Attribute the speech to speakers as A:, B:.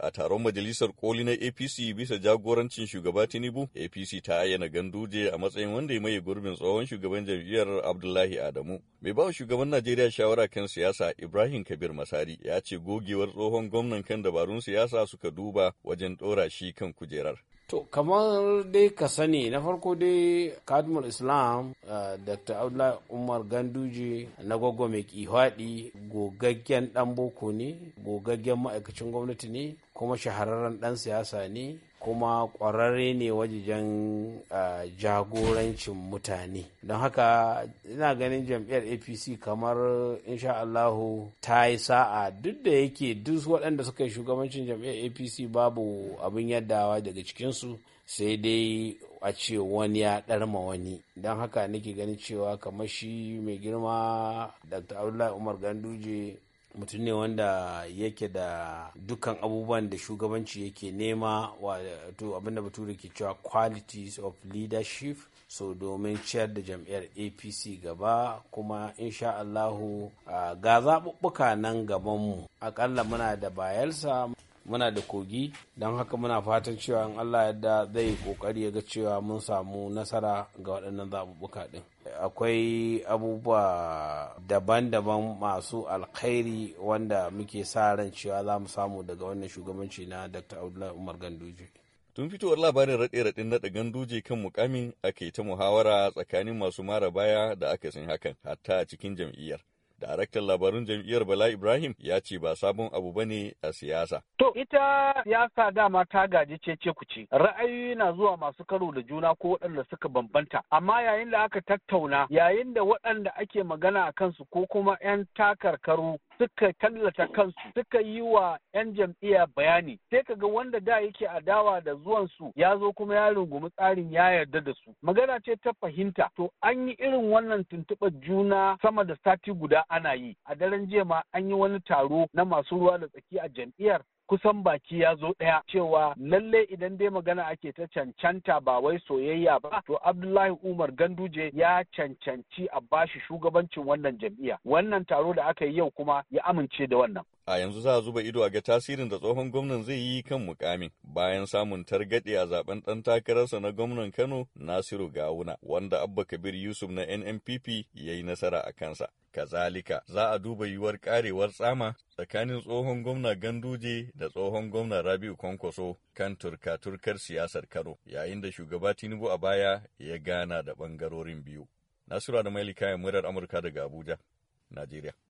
A: A taron majalisar koli na APC bisa jagorancin shugaba Tinubu, APC ta ayyana ganduje a matsayin wanda ya maye gurbin tsohon shugaban jam'iyyar Abdullahi Adamu. Mai bawa shugaban Najeriya shawara kan siyasa Ibrahim Kabir Masari ya ce gogewar tsohon gwamnan kan dabarun siyasa suka duba wajen ɗora shi kan kujerar.
B: To, kamar dai ka sani na farko dai kadmul Islam uh, Dr. Abdullahi Umar Ganduje na gwagwa mai kihwaɗi gogaggen ɗan boko ne, gogaggen ma'aikacin gwamnati ne, kuma shahararren dan siyasa ne, kuma ƙwararre ne wajen jagorancin mutane don haka ina ganin jam'iyyar apc kamar insha Allahu ta yi sa'a duk da yake duk waɗanda suka yi shugabancin jam'iyyar apc babu abin yaddawa daga cikinsu sai dai a ce wani ya ɗarma wani don haka nake ganin cewa kamar shi mai girma dr abdullahi umar ganduje mutum ne wanda yake da dukkan abubuwan da shugabanci yake nema wato abinda bature ke cewa qualities of leadership so domin ciyar da jam'iyyar apc gaba kuma insha allahu ah, ga zaɓuɓɓuka nan gabanmu akalla muna da bayelsa muna da kogi don haka muna fatan cewa in allah yadda zai kokari ya ga cewa mun samu nasara ga waɗannan zaɓuɓɓuka ɗin akwai abubuwa daban-daban masu alkhairi wanda muke sa ran cewa za mu samu daga wannan shugabanci na dr abdullahi umar ganduje
A: tun fitowar labarin raɗe-raɗin naɗa ganduje kan mukamin ake ta muhawara tsakanin masu mara baya da aka san hakan hatta a cikin jam'iyyar daraktan labarun jam'iyyar Bala Ibrahim ya ce ba sabon abu ba ne a siyasa.
C: To ita siyasa dama ta gaji cece ce, ra'ayoyi na zuwa masu karo da juna ko waɗanda suka bambanta amma yayin da aka tattauna yayin da waɗanda ake magana a kansu ko kuma 'yan takarkaru suka tallata kansu suka yi wa 'yan jam'iyya bayani sai kaga wanda da yake adawa da zuwan su ya zo kuma ya rungumi tsarin ya yarda da su magana ce ta fahimta to an yi irin wannan tuntuɓar juna sama da sati guda ana yi a daren jiya ma an yi wani taro na masu ruwa da tsaki a jam'iyyar kusan baki ya zo ɗaya cewa lalle idan dai magana ake ta cancanta ba wai soyayya ba to Abdullahi Umar Ganduje ya cancanci a bashi shugabancin wannan jam'iyya. Wannan taro da aka yi yau kuma ya amince da wannan.
A: a yanzu za a zuba ido a ga tasirin da tsohon gwamnan zai yi kan mukamin bayan samun targaɗe a zaben ɗan takararsa na gwamnan Kano Nasiru Gawuna wanda Abba Kabir Yusuf na NNPP ya yi nasara a kansa. Kazalika za a duba yiwuwar ƙarewar tsama tsakanin tsohon gwamna Ganduje da tsohon gwamna Rabiu Kwankwaso kan turka-turkar siyasar Kano yayin da shugaba Tinubu a baya ya gana da ɓangarorin biyu. Nasiru da Mailika murar Amurka daga Abuja, Najeriya.